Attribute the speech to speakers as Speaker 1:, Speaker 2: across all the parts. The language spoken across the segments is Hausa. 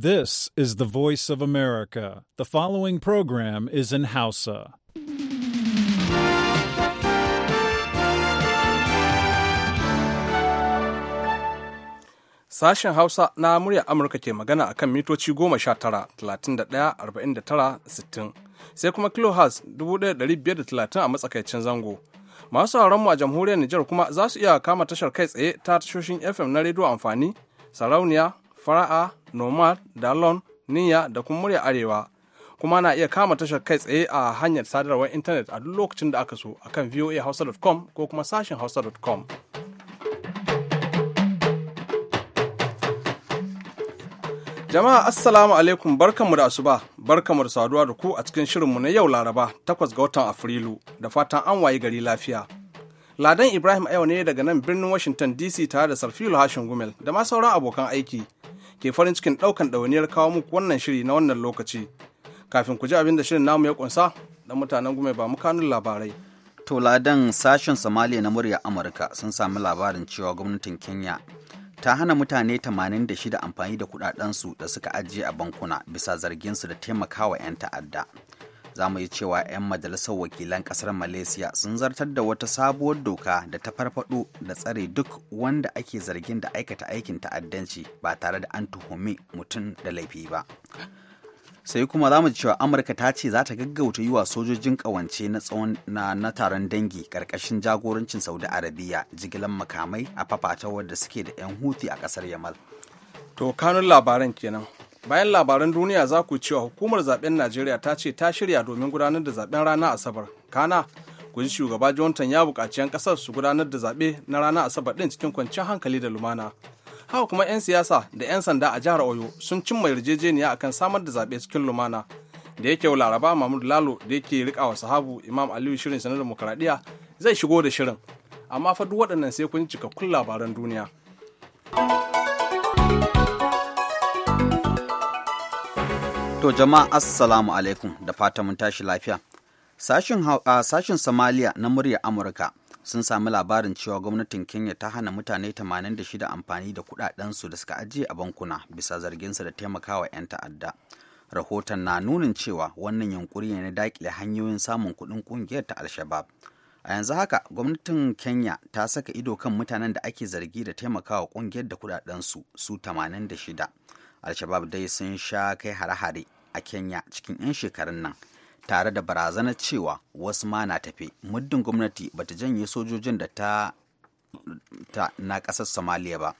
Speaker 1: This is the voice of America. The following program is in Hausa.
Speaker 2: Sashen Hausa na murya Amurka ke magana a kan mitoci goma 31 tara sai kuma kilohertz 1530 a matsakaicin zango. Masu mu a jamhuriyar Nijar kuma za su iya kama tashar kai tsaye ta tashoshin FM na rediyo amfani, sarauniya, fara'a nomad dalon niyya da kuma murya arewa kuma na iya kama tashar kai tsaye a hanyar sadarwar intanet a duk lokacin da aka so a akan voahausa.com ko kuma sashen hausa.com Jama'a Assalamu alaikum barkanmu da asuba, barkanmu da saduwa da ku a cikin shirinmu na yau Laraba takwas ga watan Afrilu da fatan an wayi gari lafiya. Ladan Ibrahim a yau ne daga nan birnin Washington DC tare da Sarfilu Hashin Gumel da ma sauran abokan aiki ke farin cikin ɗaukan ɗawainiyar kawo muku wannan shiri na wannan lokaci. Kafin ku ji abin da shirin namu ya kunsa da mutanen gume ba mu kanun labarai.
Speaker 1: To ladan sashen Somalia na murya Amurka sun sami labarin cewa gwamnatin Kenya ta hana mutane 86 amfani da su da suka ajiye a bankuna bisa zargin su da taimakawa 'yan ta'adda. za mu yi cewa 'yan majalisar wakilan kasar malaysia sun zartar da wata sabuwar doka da ta farfado da tsare duk wanda ake zargin da aikata aikin ta'addanci ba tare da an tuhumi mutum da laifi ba sai kuma za mu ji cewa amurka ta ce za ta gaggauta yi wa sojojin kawance na tsawon na, taron dangi karkashin jagorancin saudi arabiya jigilan makamai a fafatawar da suke da 'yan
Speaker 2: huti a kasar yamal to kanun labaran kenan bayan labaran duniya za ku cewa hukumar zaben najeriya ta ce ta shirya domin gudanar da zaben ranar asabar kana kun shugaba johnson ya buƙaci 'yan kasar su gudanar da zaɓe na ranar asabar ɗin cikin kwanciyar hankali da lumana haka kuma 'yan siyasa da 'yan sanda a jihar oyo sun cimma yarjejeniya akan samar da zaɓe cikin lumana da yake laraba mahmud lalo da yake riƙa wa sahabu imam aliyu shirin sanar demokaradiyya zai shigo da shirin amma fa duk waɗannan sai kun cikakkun labaran duniya.
Speaker 1: To jama'a assalamu alaikum da fata mun tashi lafiya. Sashin, uh, sashin Somalia na murya Amurka sun sami labarin cewa gwamnatin Kenya ta hana mutane 86 amfani da su da suka ajiye a bankuna bisa zarginsu da taimakawa 'yan ta'adda. Rahoton na nunin cewa wannan yunkuri ne na dakile hanyoyin samun kuɗin ƙungiyar ta Alshabab. A yanzu haka gwamnatin Kenya ta saka ido kan mutanen da ake zargi da taimakawa ƙungiyar da kudadensu su 86. al-shabab dai sun sha kai hare-hare a kenya cikin 'yan shekarun nan tare da barazanar cewa wasu ma na tafe muddin gwamnati ba ta janye sojojin da ta, na ƙasar somaliya ba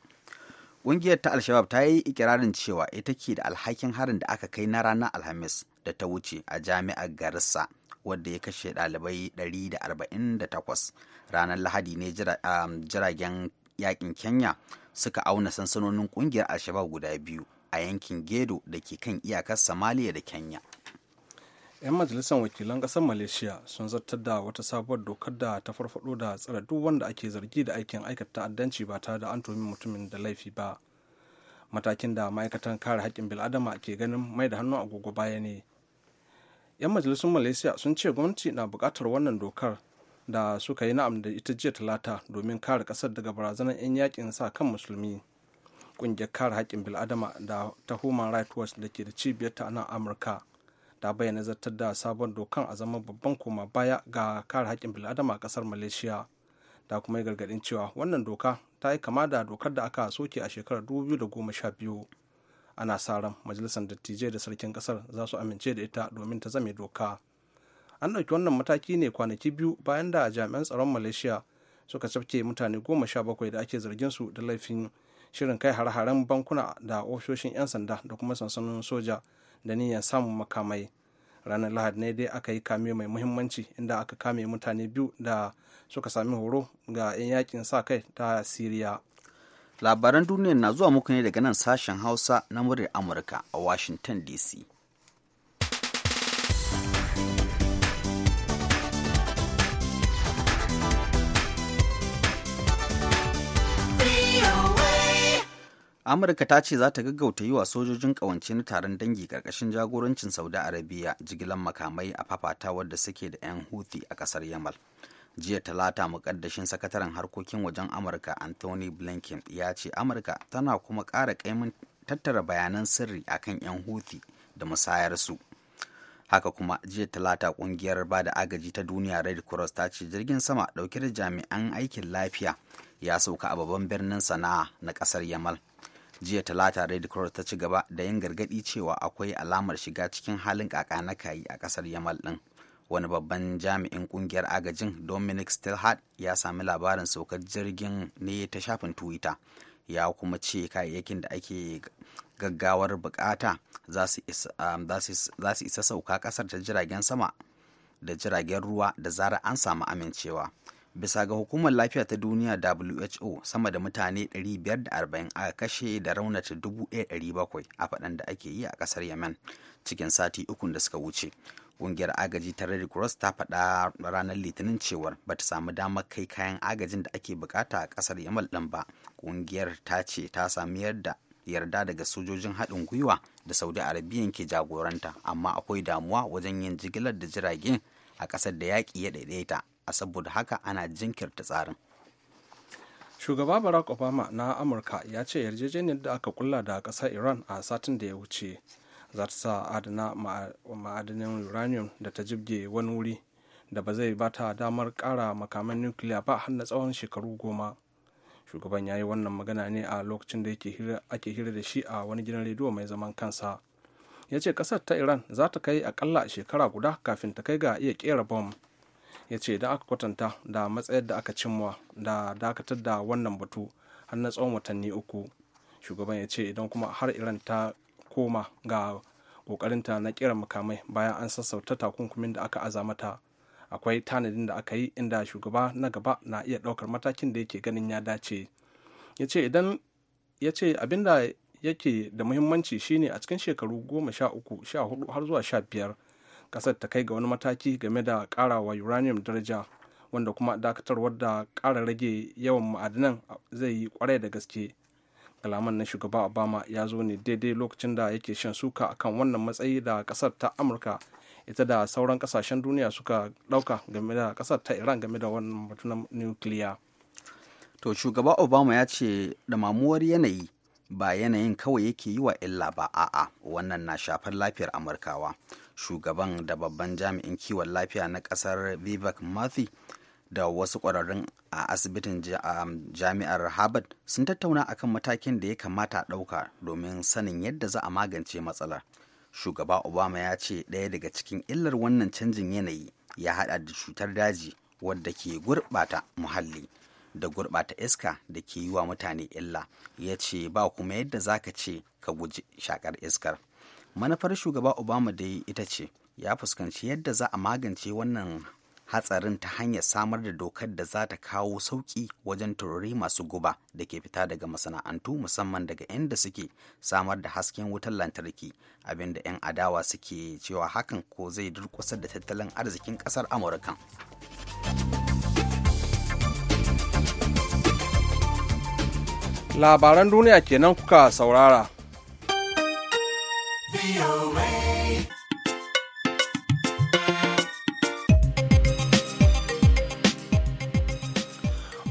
Speaker 1: ƙungiyar ta al-shabab ta yi ikirarin cewa ita ke da alhakin harin da aka kai na ranar alhamis da ta wuce a jami'ar garissa wadda ya kashe ɗalibai 148 ranar lahadi ne um, jiragen yakin kenya suka auna sansanonin ƙungiyar al-shabab guda biyu a yankin gedo da ke kan iyakar samaliya da kenya
Speaker 2: 'yan majalisar wakilan ƙasar malaysia sun zartar da wata sabuwar dokar da ta farfado da tsare duk wanda ake zargi da aikin aikata ta'addanci ba tare da an tomi mutumin da laifi ba matakin da ma'aikatan kare haƙƙin bil'adama ke ganin mai da hannu agogo baya ne 'yan majalisun malaysia sun ce gwamnati na buƙatar wannan dokar da suka yi na'am da ita jiya talata domin kare ƙasar daga barazanar 'yan yakin sa kan musulmi kungiyar kare haƙƙin bil'adama da ta human rights watch da ke da cibiyar ta nan amurka ta bayyana zartar da sabon dokan a zaman babban koma baya ga kare haƙƙin bil'adama a ƙasar malaysia da kuma yi gargaɗin cewa wannan doka ta yi kama da dokar da aka soke a shekarar sha biyu. ana sa ran majalisar dattijai da sarkin ƙasar za su amince da ita domin ta zame doka an ɗauki wannan mataki ne kwanaki biyu bayan da jami'an tsaron malaysia suka cafke mutane goma sha bakwai da ake zargin su da laifin shirin kai hare-haren bankuna da ofishoshin 'yan sanda da kuma sansanin soja da niyyar samun makamai ranar lahadi ne dai aka yi kame mai muhimmanci inda aka kame mutane biyu da suka sami horo ga 'yan yakin sa kai ta siriya labaran
Speaker 1: duniya na zuwa muku ne daga nan sashen hausa na muryar amurka a washington dc amurka ta ce za ta gaggauta yi wa sojojin ƙawance na taron dangi ƙarƙashin jagorancin saudi arabiya jigilan makamai a fafatawar da suke da 'yan huthi a ƙasar yamal jiya talata mukaddashin sakataren harkokin wajen amurka anthony blinken ya ce amurka tana kuma ƙara kaimin tattara bayanan sirri akan 'yan huthi da musayarsu haka kuma jiya talata kungiyar ba da agaji ta duniya red cross ta ce jirgin sama dauke da jami'an aikin lafiya ya sauka a babban birnin sana'a na kasar yamal jiya talata red cross ta ci gaba da yin gargadi cewa akwai alamar shiga cikin halin kaka na kayi a kasar yamal din wani babban jami'in kungiyar agajin dominic stilhart ya sami labarin saukar jirgin ne ta shafin twitter ya kuma ce kayayyakin da ake gaggawar bukata za su isa um, sauka kasar ta jiragen sama da jiragen ruwa da zara an samu amincewa bisa ga hukumar lafiya ta duniya who sama da mutane 540 aka kashe da raunata 1,700 a faɗan da ake yi a ƙasar yemen cikin sati uku da suka wuce ƙungiyar agaji ta red cross ta faɗa ranar litinin cewar ba ta samu damar kai kayan agajin da ake bukata a ƙasar yamal ɗin ba ƙungiyar ta ce ta sami yarda yarda daga sojojin haɗin gwiwa da saudi arabiyan ke jagoranta amma akwai damuwa wajen yin jigilar da jirage a ƙasar da yaƙi ya ɗaiɗaita a saboda
Speaker 2: haka ana jinkirta tsarin shugaba barack obama na amurka ya ce yarjejeniyar da aka kulla da ƙasar iran a satin da ya wuce za ta sa adana ma'adanin uranium da ta jibge wani wuri da ba zai bata damar ƙara makaman nukiliya ba har na tsawon shekaru goma shugaban ya yi wannan magana ne a lokacin da ake hira da shi a wani gidan rediyo mai zaman kansa ya ce ƙasar ta iran za ta kai akalla shekara guda kafin ta kai ga iya ƙera bom ya ce idan aka kwatanta da matsayar da aka cimma da dakatar da wannan batu har na tsawon watanni uku shugaban ya ce idan kuma har iran ta koma ga kokarinta na kiran makamai bayan an sassauta takunkumin da aka aza mata akwai tanadin da aka yi inda shugaba na gaba na iya ɗaukar matakin da yake ganin ya dace ya ce idan ya ce abinda yake da muhimmanci shine a cikin shekaru goma sha uku sha hudu har zuwa sha biyar kasar ta kai ga wani mataki game da karawa uranium daraja wanda kuma dakatarwar da kara rage yawan ma'adinan zai yi kwarai da gaske kalaman na shugaba obama ya zo ne daidai lokacin da yake shan suka akan wannan matsayi da kasar ta amurka ita da sauran kasashen duniya suka dauka game da kasar ta iran game da wannan batunan nukiliya
Speaker 1: to shugaba obama ya ce damamuwar yanayi ba yanayin kawai yake yi wa illa ba a'a wannan na shafar lafiyar amurkawa shugaban da babban jami'in kiwon lafiya na kasar vivek murphy da wasu ƙwararrun a asibitin jami'ar harvard sun tattauna akan matakin da ya kamata a ɗauka domin sanin yadda za a magance matsalar shugaba obama ya ce ɗaya daga cikin illar wannan canjin yanayi ya haɗa da cutar daji wadda ke gurɓata muhalli da gurɓata iska da ke yi wa mutane illa ya ce ba kuma yadda za ka ce ka guji shakar iskar manufar shugaba obama dai ita ce ya fuskanci yadda za a magance wannan hatsarin ta hanyar samar da dokar da za ta kawo sauƙi wajen tururi masu guba da ke fita daga masana'antu musamman daga inda suke samar da hasken wutar lantarki abinda 'yan adawa suke cewa hakan ko zai durkusa da tattalin arzikin ƙasar amurka
Speaker 2: labaran duniya kenan kuka saurara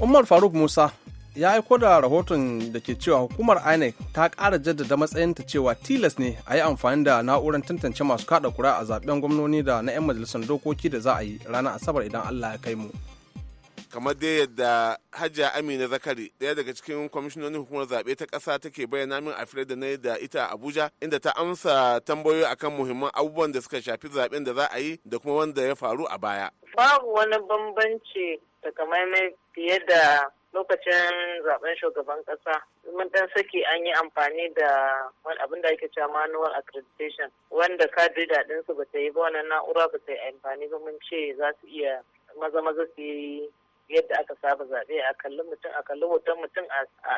Speaker 2: Umar Faruk Musa ya aiko da rahoton da ke cewa hukumar INEC ta ƙara jaddada matsayinta cewa tilas ne a yi amfani da na'urar tantance masu kada kura a zaben gwamnoni da na 'yan majalisar dokoki da za a yi ranar Asabar idan Allah ya kai mu.
Speaker 3: kamar dai yadda hajja amina zakari daya daga cikin kwamishinonin hukumar zaɓe ta ƙasa take bayyana min a fira da na da ita abuja inda ta amsa tambayoyi akan muhimman abubuwan da suka shafi zaɓen da za a yi da kuma wanda ya faru a baya
Speaker 4: babu wani bambanci takamaimai fiye da lokacin zaben shugaban kasa mun dan saki an yi amfani da wani abin da ake cewa manual accreditation wanda da din su ta yi ba wannan na'ura ba ta yi amfani ba mun ce za su iya maza maza su yi yadda aka saba zaɓe a kalli mutum a kalli hoton mutum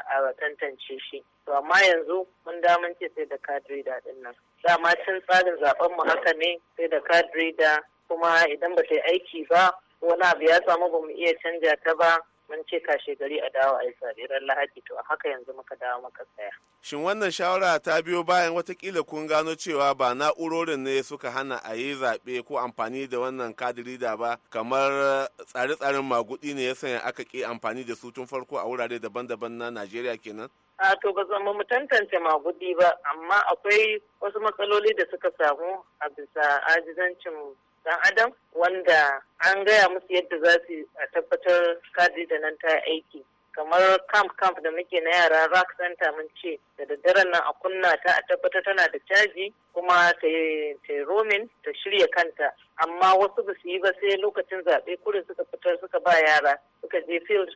Speaker 4: a tantance shi to amma yanzu mun damun ce sai da kadri da din nan dama cin tsarin zaben mu haka ne sai da kadri kuma idan ba ta yi aiki ba wani abu ya samu ba mu iya canja ta ba mun ce kashe gari a dawo a yi sabiran lahadi to a haka yanzu muka dawo muka tsaya.
Speaker 3: Shin wannan shawara ta biyo bayan watakila kun gano cewa ba na'urorin ne suka hana a yi zaɓe ko amfani da wannan kadirida ba kamar tsare-tsaren magudi ne ya sanya aka ƙi amfani da su tun farko a wurare daban-daban na Najeriya kenan?
Speaker 4: a to ba mu tantance magudi ba amma akwai wasu matsaloli da suka samu a bisa ajizancin dan adam wanda an gaya musu yadda za su a tabbatar kadi da nan ta aiki kamar camp camp da muke na yara rock center mun ce da daddaren nan a kunna ta a tabbatar tana da caji kuma ta yi roaming ta shirya kanta amma wasu ba su yi ba sai lokacin zaɓe kurin suka fitar suka ba yara suka je field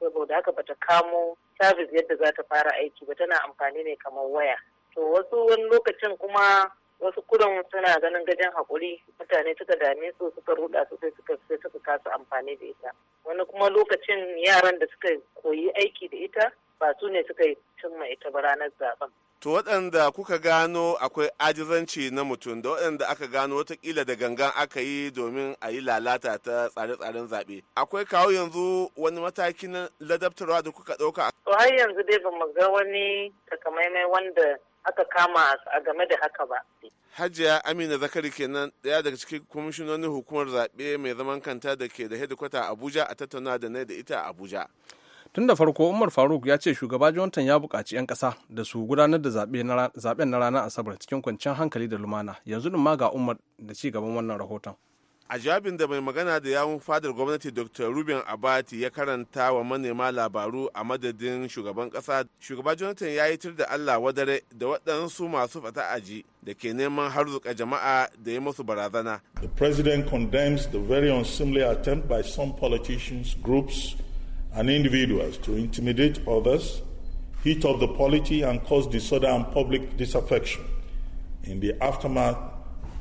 Speaker 4: saboda haka bata kamo service yadda za ta fara aiki ba tana amfani ne kamar waya to wasu wani lokacin kuma wasu kudan suna ganin gajen haƙuri mutane suka dame su suka ruda su sai suka sai suka kasa amfani da ita wani kuma lokacin yaran da suka koyi aiki da ita ba su ne suka cimma ita ba ranar zaben
Speaker 3: to waɗanda kuka gano akwai ajizanci na mutum da waɗanda aka gano wata kila da gangan aka yi domin a yi lalata ta tsare-tsaren zaɓe akwai kawo yanzu wani mataki ladabtarwa da kuka ɗauka
Speaker 4: to har yanzu dai ba mu ga wani takamaimai wanda aka kama a game da haka ba.
Speaker 3: Hajiya Amina Zakari kenan daya daga cikin kwamishinonin hukumar zaɓe mai zaman kanta da ke da hedikwata Abuja a tattauna da na da ita a Abuja.
Speaker 2: Tun da farko Umar Faruk ya ce shugaba Jonathan ya buƙaci 'yan ƙasa da su gudanar da zaɓen na ranar Asabar cikin kwanciyar hankali da lumana yanzu ma ga Umar da ci gaban wannan rahoton.
Speaker 3: a jawabin da mai magana da yawun fadar gwamnati dr abati ya karanta wa manema labaru a madadin shugaban kasa shugaba jonathan ya yi da allah wadare da waɗansu masu fata aji da ke neman harzuka jama'a da ya musu barazana the president condemns the very unseemly attempt by some politicians groups and individuals to intimidate others heat up the polity and cause disorder and public disaffection in the aftermath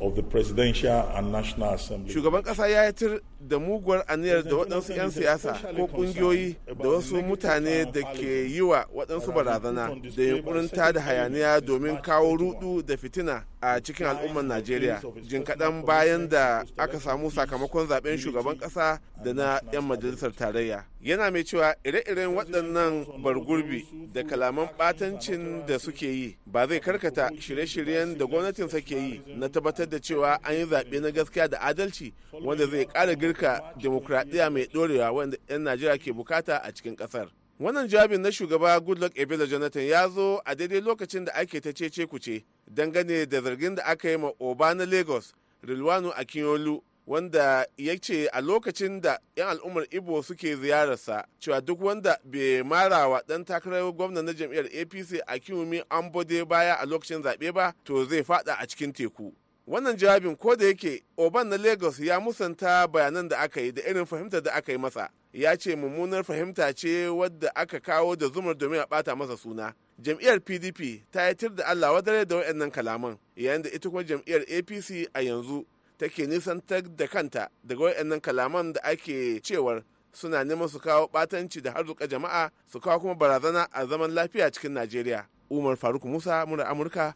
Speaker 3: of the Presidential and National Assembly. Shugaban ya yi tir da muguwar aniyar da waɗansu 'yan siyasa ko ƙungiyoyi da wasu mutane da ke yi wa waɗansu barazana da yunkurin ta da hayaniya domin kawo rudu da fitina a cikin al'ummar najeriya jin kaɗan bayan da aka samu sakamakon zaben shugaban ƙasa da na 'yan majalisar tarayya yana mai cewa ire-iren waɗannan bargurbi da kalaman ɓatancin da suke yi ba zai karkata shirye-shiryen da gwamnatinsa ke yi na tabbatar da cewa an yi zaɓe na gaskiya da adalci wanda zai ƙara girka afirka demokradiyya mai dorewa wanda 'yan najeriya ke bukata a cikin kasar wannan jawabin na shugaba goodluck ebele jonathan ya zo a daidai lokacin da ake ta cece kuce dangane da zargin da aka yi ma oba na lagos rilwanu akinyolu wanda ya ce a lokacin da 'yan al'ummar ibo suke ziyararsa cewa duk wanda bai mara wa dan takarar gwamna na jam'iyyar apc a kiwumi an bode baya a lokacin zaɓe ba to zai fada a cikin teku wannan jawabin ko da yake oban na lagos ya musanta bayanan da aka yi da irin fahimtar da aka yi masa ya ce mummunar fahimta ce wadda aka kawo da zumar domin a bata masa suna jam'iyyar pdp ta yi tir da allah wadare da wa'annan kalaman yayin da ita kuma jam'iyyar apc a yanzu take nisantar da kanta daga waɗannan kalaman da ake cewar suna neman su kawo batanci da harzuka jama'a su kawo kuma barazana a zaman lafiya cikin najeriya umar faruk musa mura amurka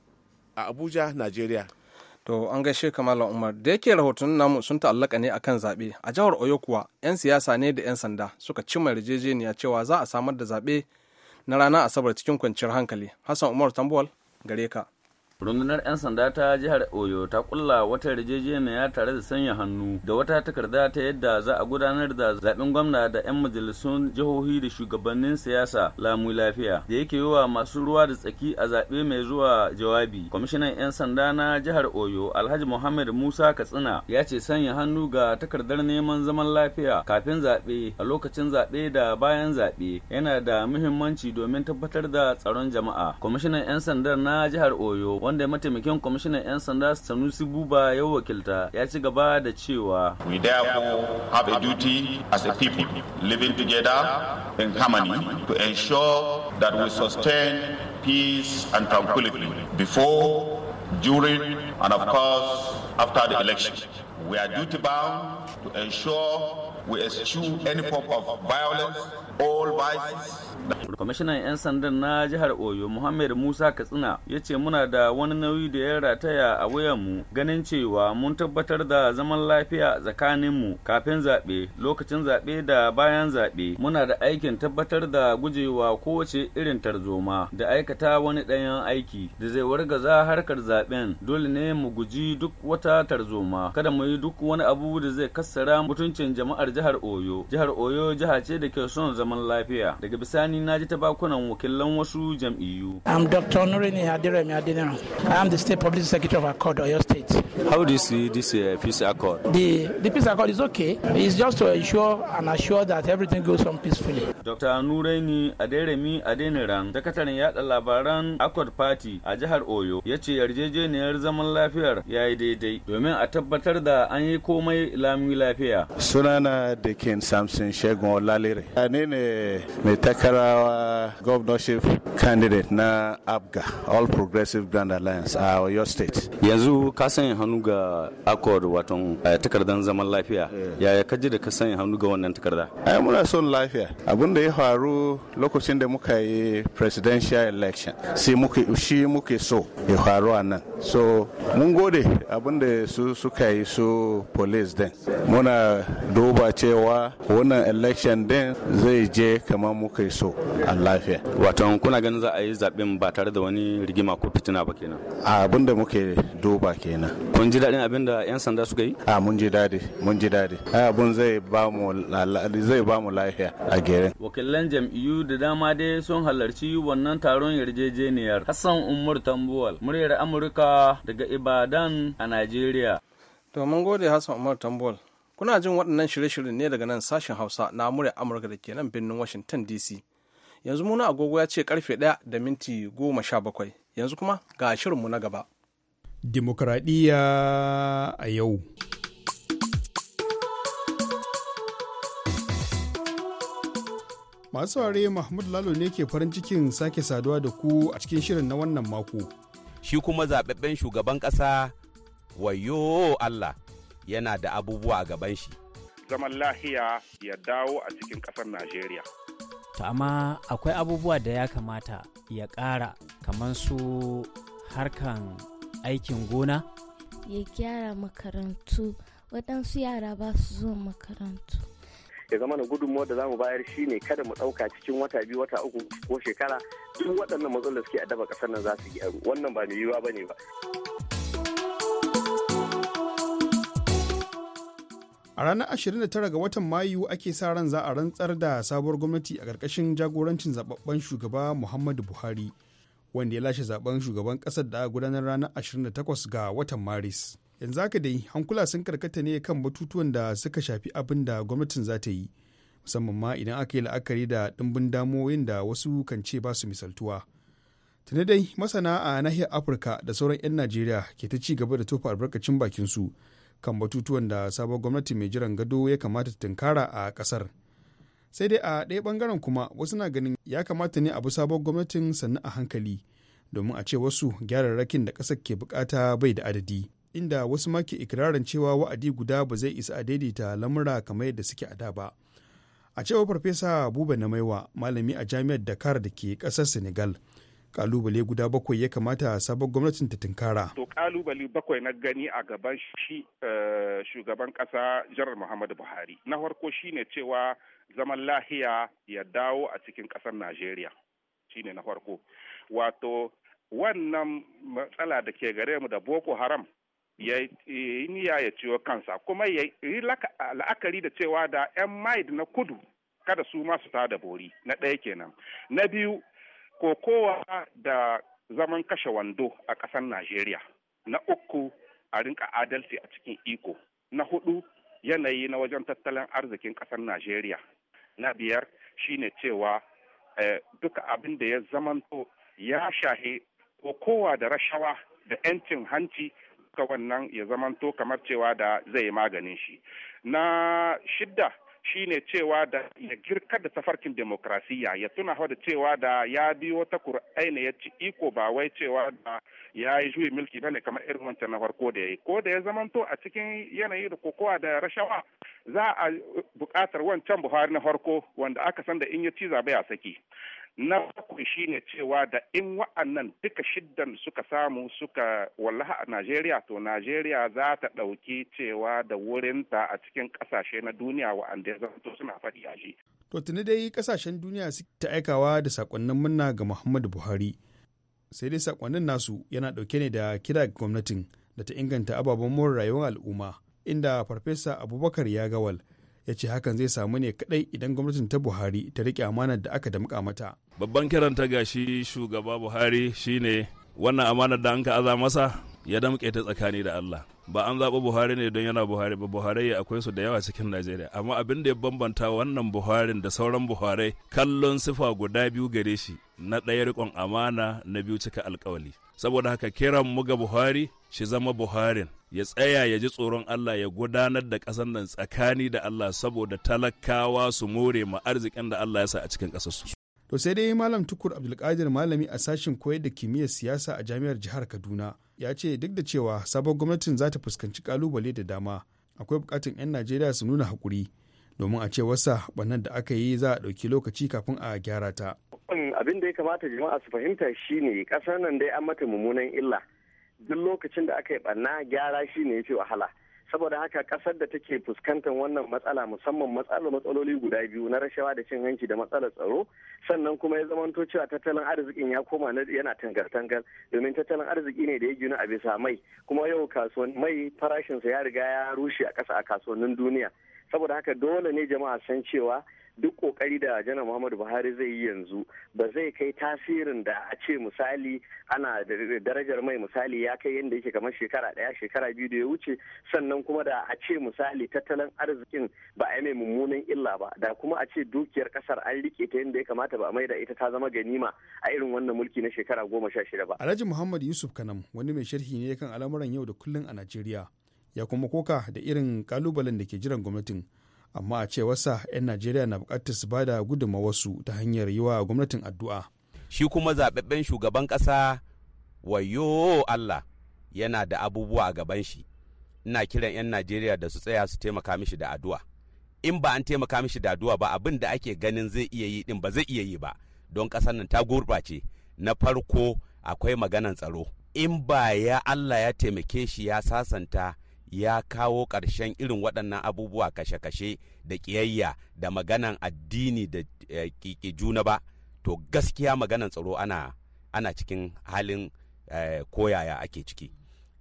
Speaker 3: a abuja najeriya To an gaishe
Speaker 2: Kamala Umar da yake rahoton namu sun ta'allaka ne akan zaɓe a jihar Oyo kuwa 'yan siyasa ne da 'yan sanda suka mai yarjejeniya cewa za a samar da zaɓe na ranar Asabar cikin kwanciyar hankali. Hassan Umar Tambuwal gare ka. rundunar 'yan sanda ta jihar oyo ta kulla
Speaker 5: wata yarjejeniya tare da sanya hannu da wata takarda ta yadda za a gudanar da zaben gwamna da 'yan majalisun jihohi da shugabannin siyasa lamu lafiya da yake yi wa masu ruwa da tsaki a zaɓe mai zuwa jawabi kwamishinan 'yan sanda na jihar oyo alhaji muhammad musa katsina ya ce sanya hannu ga takardar neman zaman lafiya kafin zaɓe a lokacin zaɓe da bayan zaɓe yana da muhimmanci domin tabbatar da tsaron jama'a kwamishinan 'yan sandar na jihar oyo wanda mataimakin kwamishinan 'yan sanda sanusi buba ya wakilta ya ci gaba da cewa we therefore have a duty as a people
Speaker 6: living together in harmony to ensure that we sustain peace and tranquility before during and of course after the election we are duty bound to ensure we eschew any form of violence all
Speaker 5: vices kwamishinan 'yan sandan na jihar oyo muhammad musa katsina ya ce muna da wani nauyi da ya rataya a wayanmu ganin cewa mun tabbatar da zaman lafiya tsakaninmu kafin zaɓe lokacin zaɓe da bayan zaɓe muna da aikin tabbatar da gujewa kowace irin tarzoma da aikata wani ɗayan aiki da zai wargaza harkar zaɓen dole ne mu guji duk wata tarzoma kada mu yi duk wani abu da zai kassara mutuncin jama'ar jihar oyo jihar oyo jiha ce da ke son zaman lafiya daga bisani na ji ta bakunan wakilan wasu jam'iyyu.
Speaker 7: I'm Dr. Nurini Adiremi Adeniran. I'm the state public secretary of Accord, Oyo State.
Speaker 5: How do you see this uh, peace accord? The,
Speaker 7: the peace accord is okay. It's just to ensure and assure that everything goes on peacefully.
Speaker 5: Dr. Nurini Adiremi Adiniran, sakataren yada labaran Accord Party a jihar Oyo, ya ce yarjejeniyar zaman lafiyar ya yi daidai domin a tabbatar da an yi komai lami lafiya.
Speaker 6: Sunana Dikin Samson Shegun Olalere. Ne ne mai takarawa our governorship candidate na abga all progressive grand alliance a your state
Speaker 5: yanzu ka sanya hannu ga accord waton eh, takardar zaman lafiya eh. yaya ka ji da ka sanya hannu ga wannan takarda ai
Speaker 6: muna son lafiya abin da ya faru lokacin da muka yi presidential election sai muke shi muke so ya faru a nan so mun gode abin da su suka yi su police din muna duba cewa wannan election din zai je kamar muka so lafiya
Speaker 5: wato kuna ganin za a yi zaɓen ba tare da wani rigima ko fitina ba kenan
Speaker 6: abin da muke duba kenan
Speaker 5: kun ji daɗin abin
Speaker 6: da yan sanda suka yi a mun ji daɗi mun ji daɗi abin zai ba mu zai ba mu lafiya a gere
Speaker 5: wakilan jam'iyyu da dama dai sun halarci wannan taron yarjejeniyar hassan umar tambuwal muryar amurka daga ibadan a najeriya
Speaker 2: to mun gode hassan umar tambuwal kuna jin waɗannan shirye-shirye ne daga nan sashen hausa na muryar amurka da ke nan birnin washington dc yanzu muna agogo ya ce karfe 1 da minti goma sha bakwai, yanzu kuma ga shirinmu na gaba
Speaker 8: Dimokuraɗiyya a yau masu saurare mahmud lalo ne ke farin cikin sake saduwa da ku a cikin shirin na wannan mako
Speaker 7: shi kuma zaɓaɓɓen shugaban ƙasa wayo allah yana da abubuwa a gaban shi zaman lahiya ya dawo a
Speaker 9: cikin ƙasar najeriya
Speaker 1: to amma akwai abubuwa da ya kamata ya ƙara kamar su harkan aikin gona
Speaker 4: ya gyara
Speaker 8: makarantu waɗansu yara ba su zuwa makarantu
Speaker 10: ya zama na gudunmuwa da za zamu bayar shi ne kada mu ɗauka cikin wata biyu wata uku ko shekara duk waɗannan matsalar suke a daba ƙasar nan za su gyaru wannan ba mai yiwuwa ba ne ba
Speaker 8: a ranar 29 ga watan mayu ake sa ran za a rantsar da sabuwar gwamnati a ƙarƙashin jagorancin zababben shugaba muhammadu buhari wanda ya lashe zaben shugaban ƙasar da gudanar ranar 28 ga watan maris yanzu haka dai hankula sun karkata ne kan batutuwan da suka shafi abin da gwamnatin za ta yi musamman ma idan aka yi la'akari da ɗimbin damoyin da wasu kan ce ba su misaltuwa tuni dai masana a nahiyar afirka da sauran 'yan najeriya ke ta ci gaba da tofa albarkacin bakin su kan batutuwan da sabon gwamnati mai jiran gado ya kamata ta tunkara a kasar sai dai a ɗaya ɓangaren kuma wasu na ganin ya kamata ne a bi sabon gwamnatin sannu a hankali domin a ce wasu gyararrakin da ƙasar ke bukata bai da adadi inda wasu ma ke ikirarin cewa wa'adi guda ba zai isa a daidaita lamura kamar yadda suke a da ba a cewar farfesa buba na maiwa malami a jami'ar dakar da ke ƙasar senegal kalubale guda bakwai ya kamata sabon gwamnatin ta tunkara.
Speaker 9: To kalubale bakwai na gani a gaban shi eh, shugaban kasa Jihar Muhammadu Buhari. Na farko shine cewa zaman lahiya ya dawo a cikin kasar Najeriya. Shine na farko. Wato wannan matsala da ke gare mu da Boko Haram ya yi niyya ya ciwo kansa kuma ya yi la'akari da cewa da 'yan maid na kudu kada su masu tada bori na ɗaya kenan na biyu kokowa da zaman kashe wando a ƙasar najeriya na uku a rinka adalci a cikin iko na hudu yanayi na wajen tattalin arzikin ƙasar najeriya na biyar shi ne cewa eh, duka abin da ya zamanto ya shahe kowa da rashawa da 'yancin hanci duka wannan ya zamanto kamar cewa da zai maganin shi na shidda shine cewa da ya girkar da tafarkin demokrasiya ya tuna da cewa da ya biyo ta ne ya ci iko ba wai cewa da ya yi juyi milki ba ne kamar irin wancan na farko da ya yi ko da ya zamanto a cikin yanayi da kokowa da rashawa za a buƙatar wancan buhari na farko wanda aka san da in ya ci zaɓe a saki na bakwai shine cewa da in wa'annan duka shiddan suka samu suka wallaha a najeriya to najeriya za ta ɗauki cewa da wurinta a cikin ƙasashe na duniya wa'anda ya zanto suna faɗi a shi.
Speaker 8: to tuni dai ƙasashen duniya su ta aikawa da saƙonnin murna ga muhammadu buhari sai dai saƙonnin nasu yana ɗauke ne da kira ga gwamnatin da ta inganta ababen more rayuwar al'umma inda farfesa abubakar ya gawal ya ce hakan zai samu ne kadai idan gwamnatin ta buhari ta rike amanar da aka damƙa mata
Speaker 7: babban kiran ga shi shugaba buhari shine wannan amanar da an ka aza masa ya damƙe ta tsakani da allah ba an zaɓi buhari ne don yana buhari ba buhari ya akwai su da yawa cikin najeriya amma abin da ya bambanta wannan buhari da sauran buhari kallon sifa guda biyu gare shi na ɗaya riƙon amana na biyu cika alkawali saboda haka kiran mu ga buhari shi zama buharin ya tsaya ya ji tsoron allah ya gudanar da ƙasar nan tsakani da allah saboda talakawa su more ma arzikin da allah ya sa a cikin ƙasarsu
Speaker 8: to sai dai malam tukur abdulkadir malami a sashen koyar da kimiyyar siyasa a jami'ar jihar kaduna ya ce duk da cewa sabon gwamnatin za ta fuskanci kalubale da dama akwai bukatun 'yan najeriya su nuna hakuri domin a ce wasa ɓannan da aka yi za a ɗauki lokaci kafin a gyara ta.
Speaker 10: abin da ya kamata jama'a su fahimta shi ne ƙasar nan dai an mata mummunan illa duk lokacin da aka yi ɓanna gyara shine ya fi wahala saboda haka kasar da take fuskantar wannan matsala musamman matsalar matsaloli guda biyu na rashawa da cin hanci da matsalar tsaro sannan kuma ya zamanto cewa tattalin arzikin ya koma yana tangar-tangar domin tattalin arziki ne da ya gina a bisa mai kuma yau kasuwan mai farashinsa ya riga ya rushe a kasa a kasuwannin duniya saboda haka dole ne jama'a san cewa duk kokari da janar muhammadu buhari zai yi yanzu ba zai kai tasirin da a ce misali ana darajar mai misali ya kai yadda yake kamar shekara daya shekara biyu da ya wuce sannan kuma da a ce misali tattalin arzikin ba a yi mai mummunan illa ba da kuma a ce dukiyar kasar an rike ta yadda ya kamata ba mai da ita ta zama ganima a irin wannan mulki na shekara goma sha shida ba.
Speaker 8: alhaji muhammad yusuf kanam wani mai sharhi ne kan al'amuran yau da kullum a najeriya ya kuma koka da irin kalubalen da ke jiran gwamnatin amma a cewarsa 'yan najeriya na bukatar su bada wasu ta hanyar yi wa gwamnatin addu'a
Speaker 7: shi kuma zaɓaɓɓen shugaban ƙasa wayo allah yana da abubuwa a gaban shi ina kiran 'yan najeriya da su tsaya su taimaka mishi da addu'a in ba an taimaka mishi da addu'a ba abin da ake ganin zai iya yi din ba zai iya yi ba don ƙasar nan ta gurɓace na farko akwai maganan tsaro in ba ya allah ya taimake shi ya sasanta ya kawo ƙarshen irin waɗannan abubuwa kashe-kashe da ƙiyayya da maganan addini da eh, ƙiƙi juna ba to gaskiya maganan tsaro ana ana cikin halin eh, koyaya ake ciki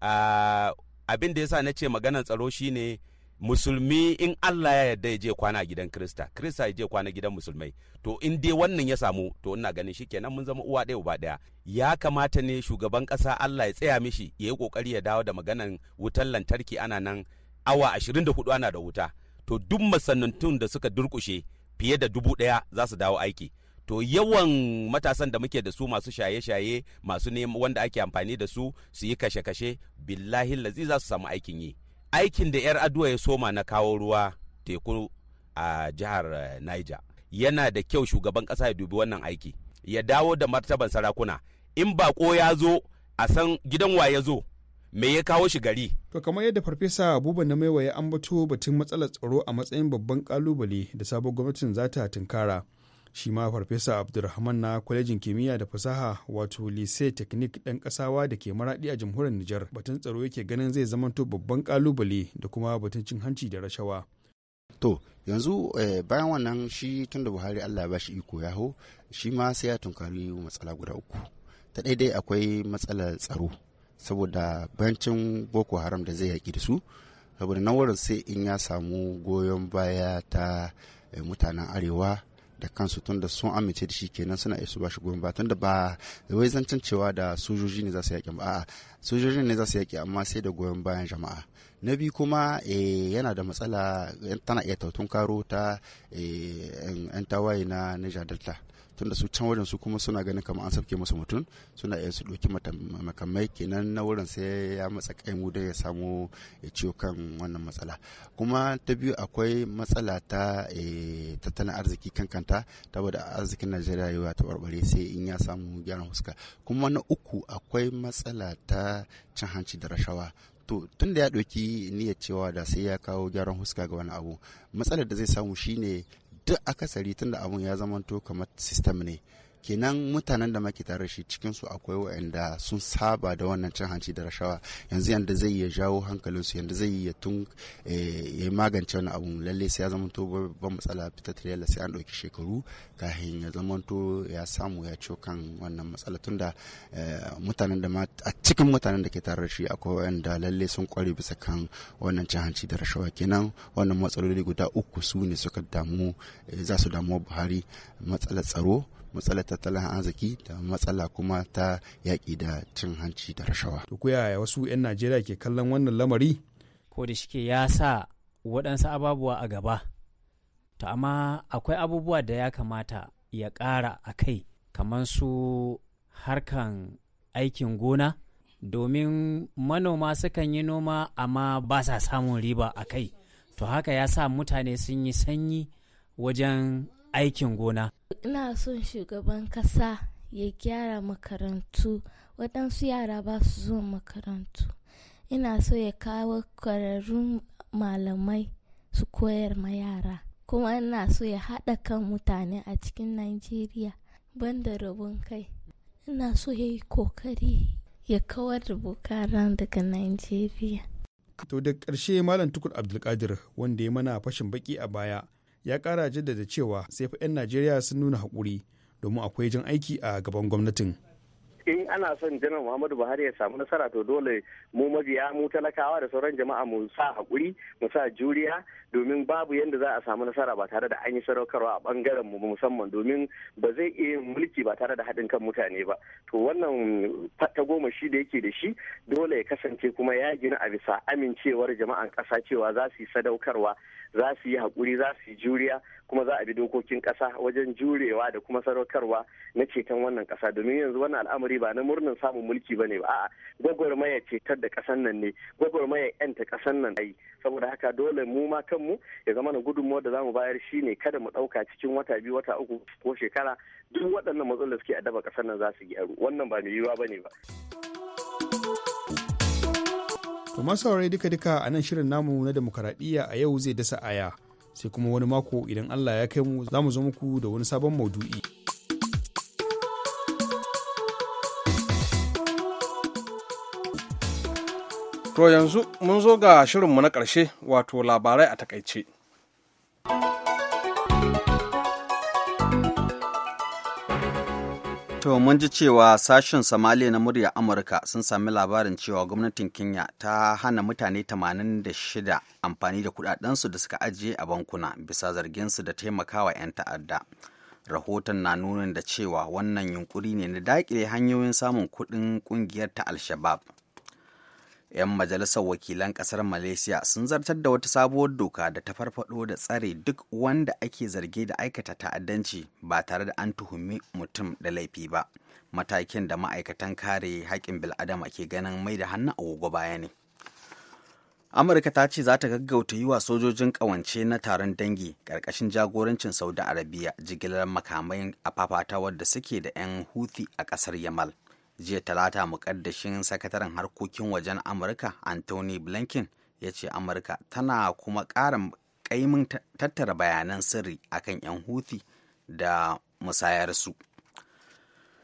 Speaker 7: ah, abin da ya sa na ce maganan tsaro shine musulmi in Allah ya yarda ya je kwana gidan Krista Krista ya je kwana gidan musulmai to in dai wannan ya samu to ina ganin shi kenan mun zama uwa ɗaya uba ɗaya ya kamata ne shugaban ƙasa Allah ya tsaya mishi ya yi ƙoƙari ya dawo da maganan wutar lantarki ana nan awa 24 ana da wuta to duk masanantun da suka durƙushe fiye da dubu ɗaya za su dawo aiki to yawan matasan da muke da su masu shaye-shaye masu neman wanda ake amfani da su su yi kashe-kashe billahi lazi za su samu aikin yi aikin da 'yar aduwa ya soma na kawo ruwa teku a jihar eh, niger yana da kyau shugaban ƙasa ya dubi wannan aiki ya dawo da martaban sarakuna in baƙo ya zo a san gidan wa ya zo me ya kawo shi gari
Speaker 8: to kamar yadda farfesa abubuwan na maiwa ya ambato batun matsalar tsaro a matsayin babban kalubale da sabon gwamnatin za ta tunkara shi ma farfesa abdulrahman na kwalejin kimiyya da fasaha wato lise technique ɗan ƙasawa da ke maraɗi a jamhuriyar nijar batun tsaro yake ganin zai zamanto babban ƙalubale
Speaker 11: da kuma batun cin hanci da rashawa to yanzu eh, bayan wannan shi tun da buhari allah ba shi iko yaho shi ma sai ya tunkari matsala guda uku ta daidai akwai matsalar tsaro saboda bayancin boko haram da zai yaƙi da su saboda nan wurin sai in ya samu goyon baya ta eh, mutanen arewa da kansu tun da sun amince da shi kenan suna iya su ba shi goyon ba tun da ba wai zancen cewa da sojoji ne za su yaƙi ba a'a ne za su yaƙi amma sai da goyon bayan jama'a na biyu kuma eh, yana da matsala tana iya tautun karo ta eh, 'yan tawaye na niger delta tunda su can wajen su kuma suna ganin kamar an sauke musu mutum suna iya su ɗauki makamai kenan na wurin sai ya matsa mu da ya samu ya ciwo kan wannan matsala kuma ta biyu akwai matsala ta eh, tattalin arziki kankanta ta wadda arzikin najeriya yau ta warware sai in ya samu gyaran fuska kuma na uku akwai matsala ta cin hanci da rashawa to tun da ya ɗauki niyyar cewa da sai ya kawo gyaran huska ga wani abu matsalar da zai samu shine duk akasari tunda abun ya zamanto kamar sistem ne kenan mutanen da muke tare shi cikin su akwai waɗanda sun saba da wannan cin hanci da rashawa yanzu yanda zai ya jawo hankalin su yanda zai ya tun eh, ya magance wani abu lalle sai ya zama to babban matsala yalla sai an ɗauki shekaru kafin ya zama ya samu ya ciwo kan wannan matsala tunda eh, mutanen da a cikin mutanen da ke tare shi akwai waɗanda lalle sun kware bisa kan wannan cin hanci da rashawa kenan wannan matsaloli guda uku su ne suka damu eh, za su damu buhari matsalar tsaro matsalar tattalin arziki da matsala kuma ta yaƙi da cin hanci da rashawa. To
Speaker 8: yaya wasu 'yan Najeriya ke kallon wannan lamari? Ko da shike ya sa waɗansu ababuwa a gaba. To amma akwai
Speaker 1: abubuwa da ya kamata ya ƙara a kai kamar su harkan aikin gona domin manoma sukan yi noma amma ba sa samun riba a kai. To haka ya sa mutane sun yi sanyi wajen aikin gona.
Speaker 8: ina son shugaban kasa ya gyara makarantu waɗansu yara ba su zuwa makarantu ina so ya kawo kwararrun malamai su koyar ma yara kuma ina so ya haɗa kan
Speaker 4: mutane a cikin najeriya banda rabon kai ina so ya yi kokari ya kawar da bukaran daga najeriya
Speaker 8: to da ƙarshe malam tukur abdulkadir wanda ya mana fashin baki a baya ya kara jaddada cewa sai fa 'yan najeriya sun nuna haƙuri domin akwai jan aiki a gaban gwamnatin
Speaker 10: in ana son janar muhammadu buhari ya samu nasara to dole mu mabiya mu talakawa da sauran jama'a mu sa hakuri mu sa juriya domin babu yadda za a samu nasara ba tare da an yi sadaukarwa a bangaren mu musamman domin ba zai iya mulki ba tare da haɗin kan mutane ba to wannan ta goma shi da yake da shi dole ya kasance kuma ya gina a bisa amincewar jama'an ƙasa cewa za su yi sadaukarwa za su yi hakuri za su yi juriya kuma za a bi dokokin ƙasa wajen jurewa da kuma sadaukarwa na ceton wannan ƙasa domin yanzu wannan al'amari ba na murnar samun mulki ba ne ba a'a gwagwarmaya cetar da ƙasan nan ne gwagwarmaya yanta ƙasan nan ayi saboda haka dole mu ma kanmu ya zama na gudunmu da zamu bayar shi ne kada mu ɗauka cikin wata biyu wata uku ko shekara duk waɗannan matsalolin da suke adaba ƙasar nan za su gyaru wannan ba mai yiwuwa ba ne ba.
Speaker 8: Kuma saurari duka-duka a nan shirin namu na demokaradiyya a yau zai dasa aya. sai kuma wani mako idan Allah ya kai mu za mu zo muku da wani sabon maudu'i. To yanzu mun zo ga shirinmu
Speaker 2: na ƙarshe wato labarai a takaice.
Speaker 1: To mun ji cewa sashen Somalia na murya Amurka sun sami labarin cewa gwamnatin Kenya ta hana mutane 86 amfani da kudadensu da suka ajiye a bankuna bisa zarginsu da taimakawa 'yan ta'adda. Rahoton na nunin da cewa wannan yunkuri ne na daƙile hanyoyin samun kuɗin ƙungiyar ta al -shabab. 'yan majalisar wakilan kasar malaysia sun zartar da wata sabuwar doka da ta farfado da tsare duk wanda ake zarge da aikata ta'addanci ba tare da an tuhumi mutum da laifi ba matakin da ma'aikatan kare haƙƙin bil'adama ke ganin mai da a agogo baya ne amurka ta ce za ta gaggauta yi wa sojojin ƙawance na taron dangi ƙarƙashin jagorancin saudi arabia jigilar makamai a fafatawar da suke da 'yan huthi a ƙasar yamal jiya talata mukaddashin sakataren harkokin wajen amurka anthony blinken ya ce amurka tana kuma ƙara kaimin tattara bayanan sirri akan 'yan huthi da musayarsu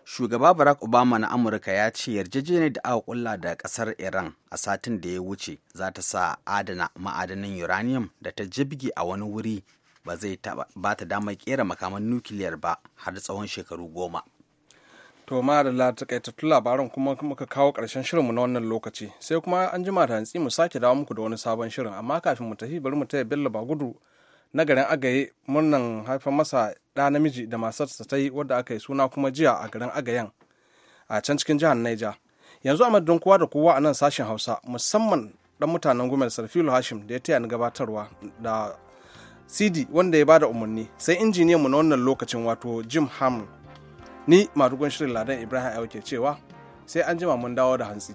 Speaker 1: shugaba barack obama na amurka ya ce yarjejeniyar da aka kulla da kasar iran a satin da ya wuce za ta sa adana ma'adanin uranium da ta jibge a wani wuri ba zai ba ta damar kera
Speaker 2: makaman nukiliyar ba har tsawon shekaru goma To ma da latakaitattun labaran kuma muka kawo ƙarshen shirinmu na wannan lokaci sai kuma an jima da hantsi mu sake dawo muku da wani sabon shirin amma kafin mu tafi bari mu taya Bello gudu na garin Agaye murnan haifar masa ɗa namiji da masar ta yi wadda aka yi suna kuma jiya a garin Agayen a can cikin jihar naija. Yanzu a madadin kowa da kowa a nan sashen Hausa musamman dan mutanen Gumel Sarfilu Hashim da ya taya ni gabatarwa da CD wanda ya bada umarni sai injiniyan mu na wannan lokacin wato Jim hamlin ni madugun shirin ladan ibrahim ke cewa sai an jima mun dawo da hantsi